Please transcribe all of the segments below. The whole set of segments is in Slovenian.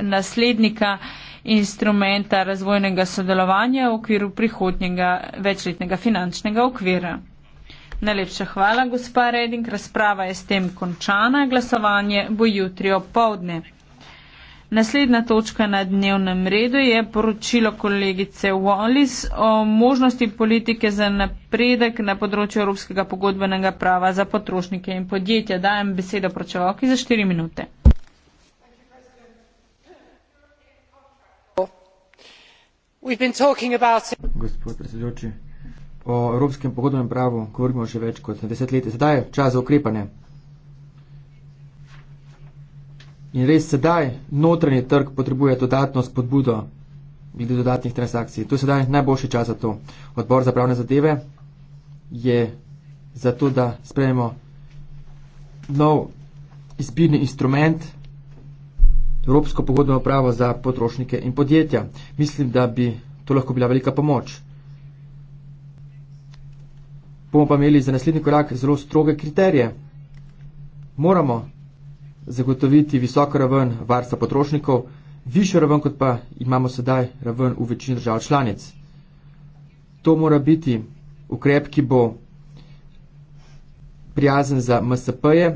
naslednika instrumenta razvojnega sodelovanja v okviru prihodnjega večletnega finančnega okvira. Najlepša hvala, gospa Reding. Razprava je s tem končana. Glasovanje bo jutri opovdne. Naslednja točka na dnevnem redu je poročilo kolegice Wallis o možnosti politike za napredek na področju evropskega pogodbenega prava za potrošnike in podjetja. Dajem besedo pročevalki za štiri minute. gospod predsedujoči. O evropskem pogodbenem pravu govorimo že več kot deset let. Sedaj je čas za ukrepanje. In res sedaj notranji trg potrebuje dodatno spodbudo glede dodatnih transakcij. To je sedaj najboljši čas za to. Odbor za pravne zadeve je za to, da sprejemo nov izbirni instrument evropsko pogodbeno pravo za potrošnike in podjetja. Mislim, da bi to lahko bila velika pomoč. Bomo pa imeli za naslednji korak zelo stroge kriterije. Moramo zagotoviti visoko raven varstva potrošnikov, višjo raven, kot pa imamo sedaj raven v večini držav članic. To mora biti ukrep, ki bo prijazen za MSP-je,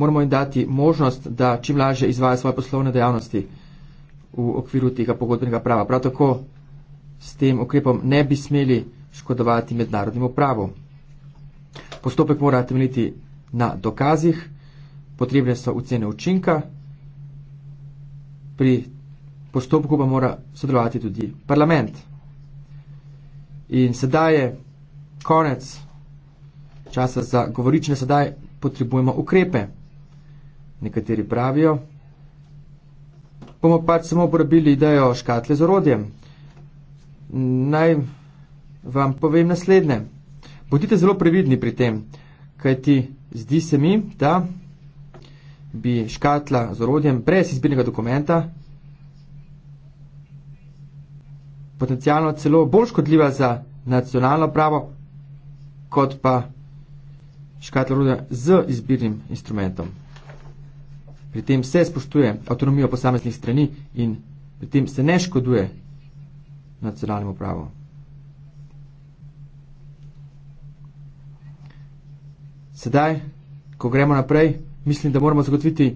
moramo jim dati možnost, da čim lažje izvaja svoje poslovne dejavnosti v okviru tega pogodbenega prava. Prav tako s tem ukrepom ne bi smeli škodovati mednarodnemu pravu. Postopek mora temeljiti na dokazih, potrebne so ocene učinka, pri postopku pa mora sodelovati tudi parlament. In sedaj je konec časa za govorične, sedaj potrebujemo ukrepe nekateri pravijo, bomo pač samo uporabili idejo škatle z orodjem. Naj vam povem naslednje. Bodite zelo previdni pri tem, kajti zdi se mi, da bi škatla z orodjem brez izbirnega dokumenta potencialno celo bolj škodljiva za nacionalno pravo, kot pa škatla z orodjem z izbirnim instrumentom pri tem se spoštuje avtonomijo posameznih strani in pri tem se ne škoduje nacionalnemu pravu. Sedaj, ko gremo naprej, mislim, da moramo zagotoviti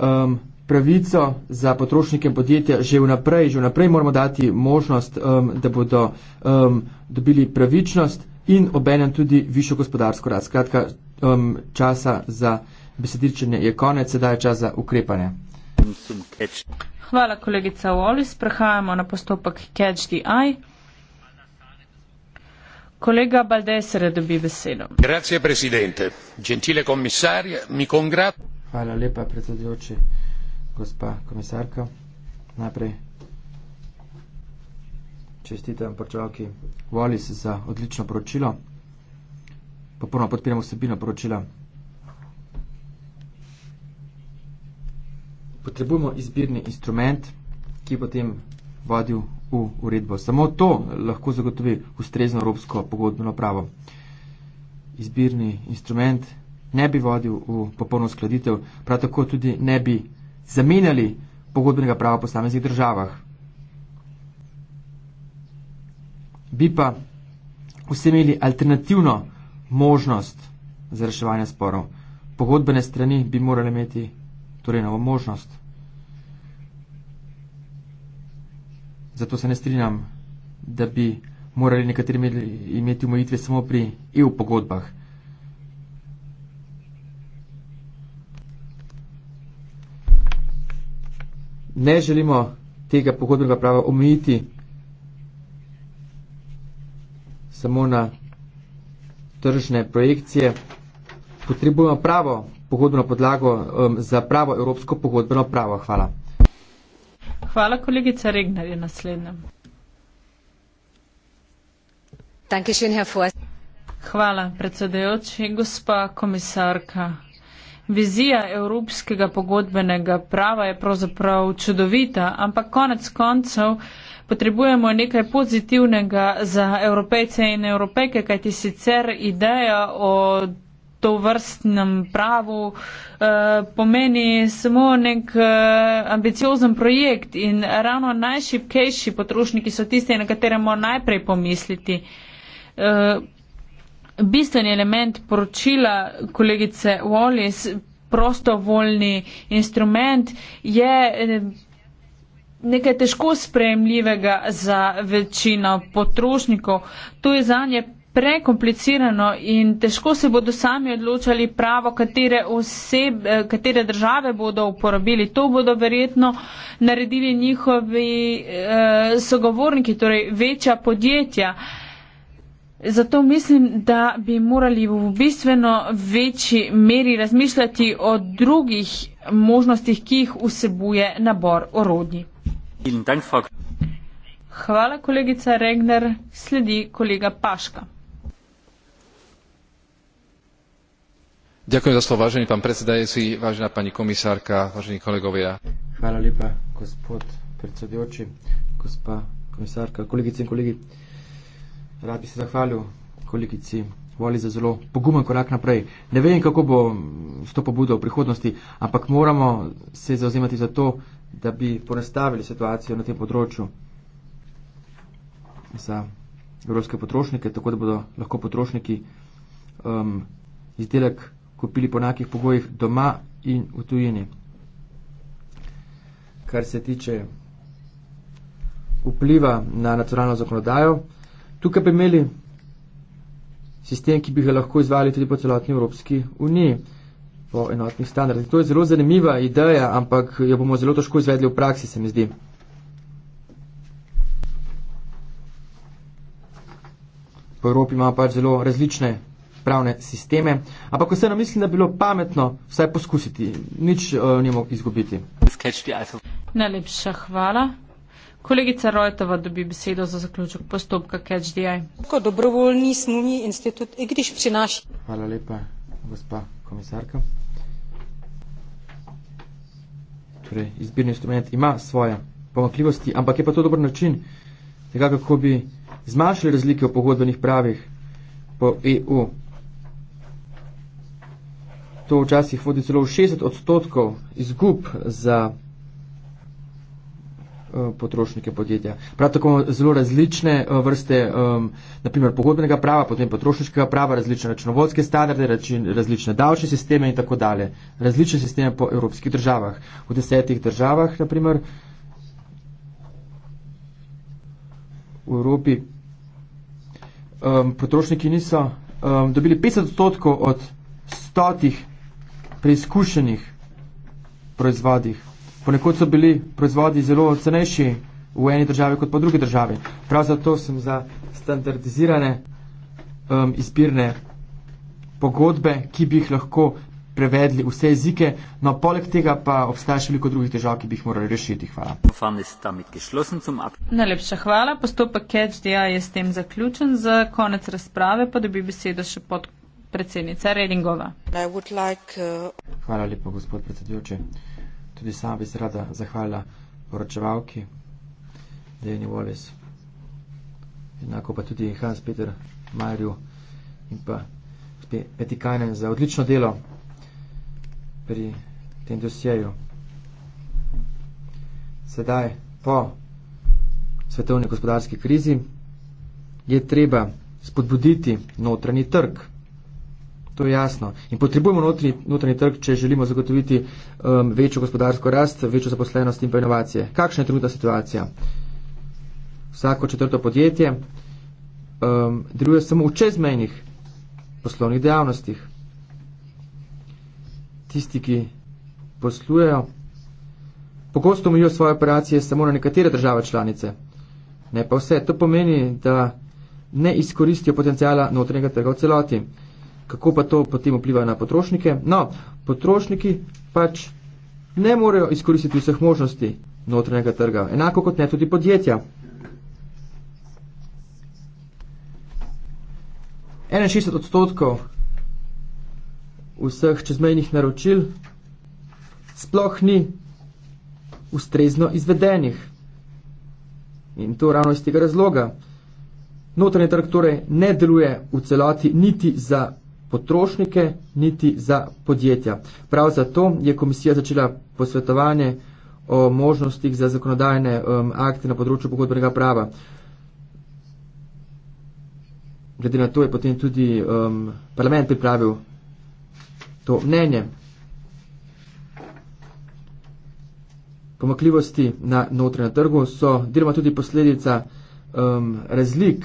um, pravico za potrošnike in podjetja že vnaprej. Že vnaprej moramo dati možnost, um, da bodo um, dobili pravičnost in obenem tudi višjo gospodarsko rast. Skratka, um, časa za besedičenje je konec, sedaj je čas za ukrepanje. Hvala, kolegica Wallis. Prehajamo na postopek Catch the Eye. Kolega Baldesere dobi besedo. Hvala lepa, predsedujoči, gospa komisarka. Najprej čestitam poročalki Wallis za odlično poročilo. Popolnoma podpiramo vsebino poročila potrebujemo izbirni instrument, ki potem vodil v uredbo. Samo to lahko zagotovi ustrezno evropsko pogodbeno pravo. Izbirni instrument ne bi vodil v popolno skladitev, prav tako tudi ne bi zamenjali pogodbenega prava v posameznih državah. Bi pa vsi imeli alternativno možnost za reševanje sporov. Pogodbene strani bi morali imeti torej novo možnost. Zato se ne strinjam, da bi morali nekateri imeti omejitve samo pri EU pogodbah. Ne želimo tega pogodbenega prava omejiti samo na tržne projekcije. Potrebujemo pravo pogodbeno podlago um, za pravo evropsko pogodbeno pravo. Hvala. Hvala, kolegica Regner je naslednja. Hvala, predsedujoči. Gospa komisarka, vizija evropskega pogodbenega prava je pravzaprav čudovita, ampak konec koncev potrebujemo nekaj pozitivnega za evropejce in evropejke, kajti sicer ideja o to vrstnem pravu eh, pomeni samo nek eh, ambiciozen projekt in ravno najšipkejši potrošniki so tisti, na katere moramo najprej pomisliti. Eh, bistveni element poročila kolegice Wallis, prostovoljni instrument, je nekaj težko sprejemljivega za večino potrošnikov. To je zanje prekomplicirano in težko se bodo sami odločali pravo, katere, oseb, eh, katere države bodo uporabili. To bodo verjetno naredili njihovi eh, sogovorniki, torej večja podjetja. Zato mislim, da bi morali v bistveno večji meri razmišljati o drugih možnostih, ki jih vsebuje nabor orodji. Hvala, kolegica Regner. Sledi kolega Paška. vážený pán predsedajúci vážená pani komisárka vážení kolegovia rád by som sa zahválil kolegici Vali za zelo pogumen korak naprej. Ne vem, kako bo s to pobudo v prihodnosti, ampak moramo se zauzemati za to, da bi ponestavili situacijo na tem področju za evropske potrošnike, tako da bodo lahko potrošniki um, izdelek kupili po enakih pogojih doma in v tujini. Kar se tiče vpliva na nacionalno zakonodajo, tukaj bi imeli sistem, ki bi ga lahko izvali tudi po celotni Evropski uniji, po enotnih standardih. To je zelo zanimiva ideja, ampak jo bomo zelo težko izvedli v praksi, se mi zdi. Po Evropi imamo pač zelo različne pravne sisteme, ampak vseeno mislim, da bi bilo pametno vsaj poskusiti, nič uh, eh, njemu izgubiti. Najlepša hvala. Kolegica Rojtova dobi besedo za zaključek postopka CatchDI. Dobrovoljni smo mi institut, igriš pri naš. Hvala lepa, gospa komisarka. Torej, izbirni instrument ima svoje pomakljivosti, ampak je pa to dober način, tega kako bi zmanjšali razlike v pogodbenih pravih po EU to včasih vodi celo v 60 odstotkov izgub za eh, potrošnike podjetja. Prav tako zelo različne eh, vrste, um, naprimer pogodbenega prava, potem potrošniškega prava, različne računovodske standarde, različne davčne sisteme in tako dalje. Različne sisteme po evropskih državah. V desetih državah, naprimer, v Evropi, um, potrošniki niso um, dobili 50 odstotkov od stotih preizkušenih proizvodih. Ponekod so bili proizvodi zelo cenejši v eni državi kot pa v drugi državi. Prav zato sem za standardizirane um, izbirne pogodbe, ki bi jih lahko prevedli vse jezike, no poleg tega pa obstaja še veliko drugih težav, ki bi jih morali rešiti. Hvala. Najlepša hvala. Postopek CHDA je s tem zaključen. Za konec razprave pa dobi besedo še podkup predsednica Redingova. Uh, Hvala lepo, gospod predsedujoči. Tudi sama bi se rada zahvalila poročevalki Dejani Wallis, enako pa tudi Hans Peter Majerju in pa Petikanen za odlično delo pri tem dosjeju. Sedaj po svetovni gospodarski krizi je treba spodbuditi notranji trg to je jasno. In potrebujemo notri, notranji trg, če želimo zagotoviti um, večjo gospodarsko rast, večjo zaposlenost in pa inovacije. Kakšna je trenutna situacija? Vsako četrto podjetje um, deluje samo v čezmejnih poslovnih dejavnostih. Tisti, ki poslujejo, pogosto omejijo svoje operacije samo na nekatere države članice, ne pa vse. To pomeni, da ne izkoristijo potencijala notranjega trga v celoti kako pa to potem vpliva na potrošnike. No, potrošniki pač ne morejo izkoristiti vseh možnosti notranjega trga, enako kot ne tudi podjetja. 61 odstotkov vseh čezmejnih naročil sploh ni ustrezno izvedenih. In to ravno iz tega razloga. Notranji trg torej ne deluje v celoti niti za potrošnike, niti za podjetja. Prav zato je komisija začela posvetovanje o možnostih za zakonodajne um, akte na področju pogodbenega prava. Glede na to je potem tudi um, parlament pripravil to mnenje. Pomakljivosti na notranjem trgu so deloma tudi posledica um, razlik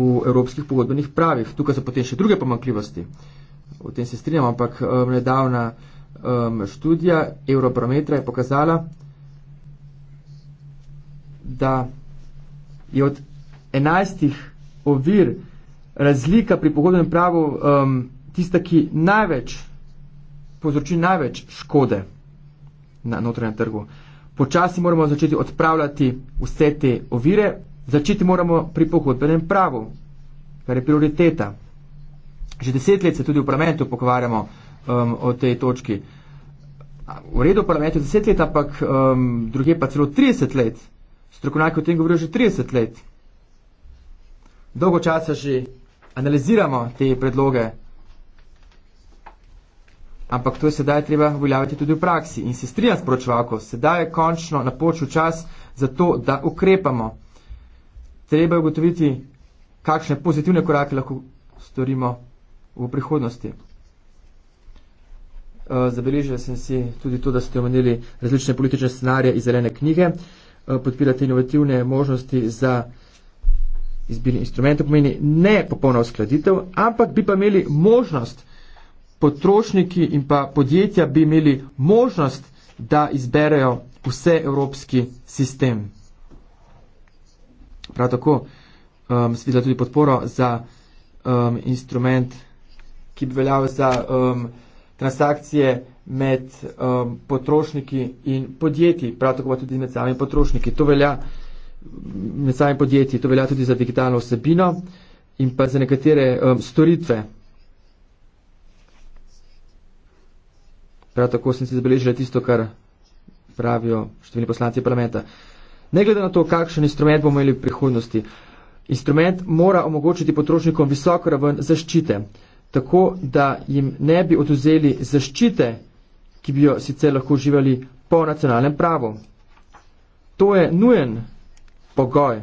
v evropskih pogodbenih pravih. Tukaj so potem še druge pomankljivosti. O tem se strinjam, ampak um, nedavna um, študija Eurobarometra je pokazala, da je od enajstih ovir razlika pri pogodbenem pravu um, tista, ki največ povzroči največ škode na notranjem trgu. Počasi moramo začeti odpravljati vse te ovire, Začeti moramo pri pohodbenem pravu, kar je prioriteta. Že deset let se tudi v parlamentu pokvarjamo um, o tej točki. V redu v parlamentu je deset let, ampak um, druge pa celo 30 let. Strokovnjaki o tem govorijo že 30 let. Dolgo časa že analiziramo te predloge, ampak to je sedaj treba uveljaviti tudi v praksi. In se strinjam s poročevalko, sedaj je končno napočil čas za to, da ukrepamo treba je ugotoviti, kakšne pozitivne korake lahko storimo v prihodnosti. Eh, zabeležil sem si tudi to, da ste omenili različne politične scenarije iz zelene knjige, eh, podpirate inovativne možnosti za izbirni instrument, pomeni ne popolna uskladitev, ampak bi pa imeli možnost, potrošniki in pa podjetja bi imeli možnost, da izberejo vse evropski sistem. Prav tako um, sem videla tudi podporo za um, instrument, ki bi veljal za um, transakcije med um, potrošniki in podjetji, prav tako pa tudi med samimi potrošniki. To velja med samimi podjetji, to velja tudi za digitalno osebino in pa za nekatere um, storitve. Prav tako sem si zabeležila tisto, kar pravijo številni poslanci parlamenta. Ne glede na to, kakšen instrument bomo imeli v prihodnosti, instrument mora omogočiti potrošnikom visoko raven zaščite, tako da jim ne bi oduzeli zaščite, ki bi jo sicer lahko uživali po nacionalnem pravu. To je nujen pogoj.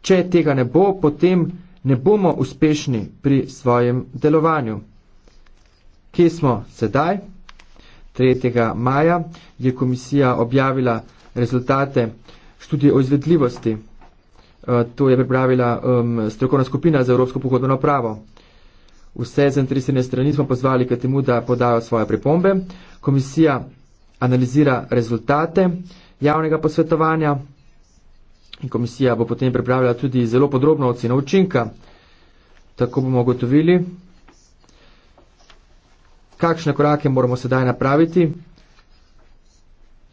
Če tega ne bo, potem ne bomo uspešni pri svojem delovanju. Kje smo sedaj? 3. maja je komisija objavila rezultate študije o izvedljivosti. Eh, to je pripravila um, strokovna skupina za Evropsko pohodno pravo. Vse zainteresirane strani smo pozvali k temu, da podajo svoje pripombe. Komisija analizira rezultate javnega posvetovanja in komisija bo potem pripravila tudi zelo podrobno oceno učinka. Tako bomo ugotovili, kakšne korake moramo sedaj napraviti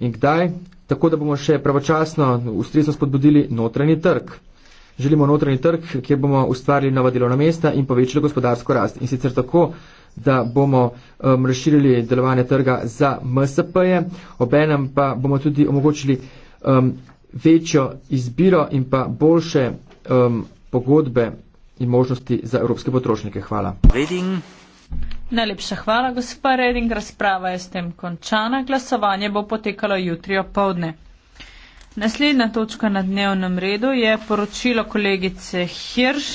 in kdaj, tako da bomo še pravočasno ustrezno spodbudili notranji trg. Želimo notranji trg, kjer bomo ustvarili nova delovna mesta in povečali gospodarsko rast. In sicer tako, da bomo um, razširili delovanje trga za MSP-je, obenem pa bomo tudi omogočili um, večjo izbiro in pa boljše um, pogodbe in možnosti za evropske potrošnike. Hvala. Reading. Najlepša hvala, gospa Reding. Razprava je s tem končana. Glasovanje bo potekalo jutri opovdne. Naslednja točka na dnevnem redu je poročilo kolegice Hirš.